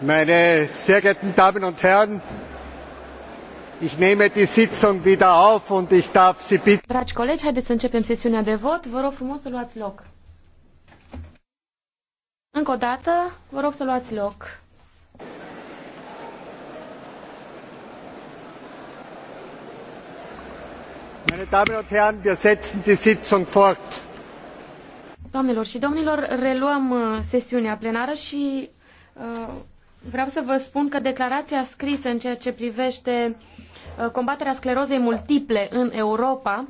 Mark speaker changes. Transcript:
Speaker 1: meine sehr geehrten damen und herren! ich nehme die sitzung wieder auf und ich darf sie bitten. dragi colegi haideți să începem sesiunea de vot vă
Speaker 2: rog frumos să luați loc. încă o dată vă rog să luați loc.
Speaker 1: meine damen und herren wir setzen die sitzung fort.
Speaker 2: doamnelor și domnilor reluăm uh, sesiunea plenară și uh, vreau să vă spun că declarația scrisă în ceea ce privește uh, combaterea sclerozei multiple în Europa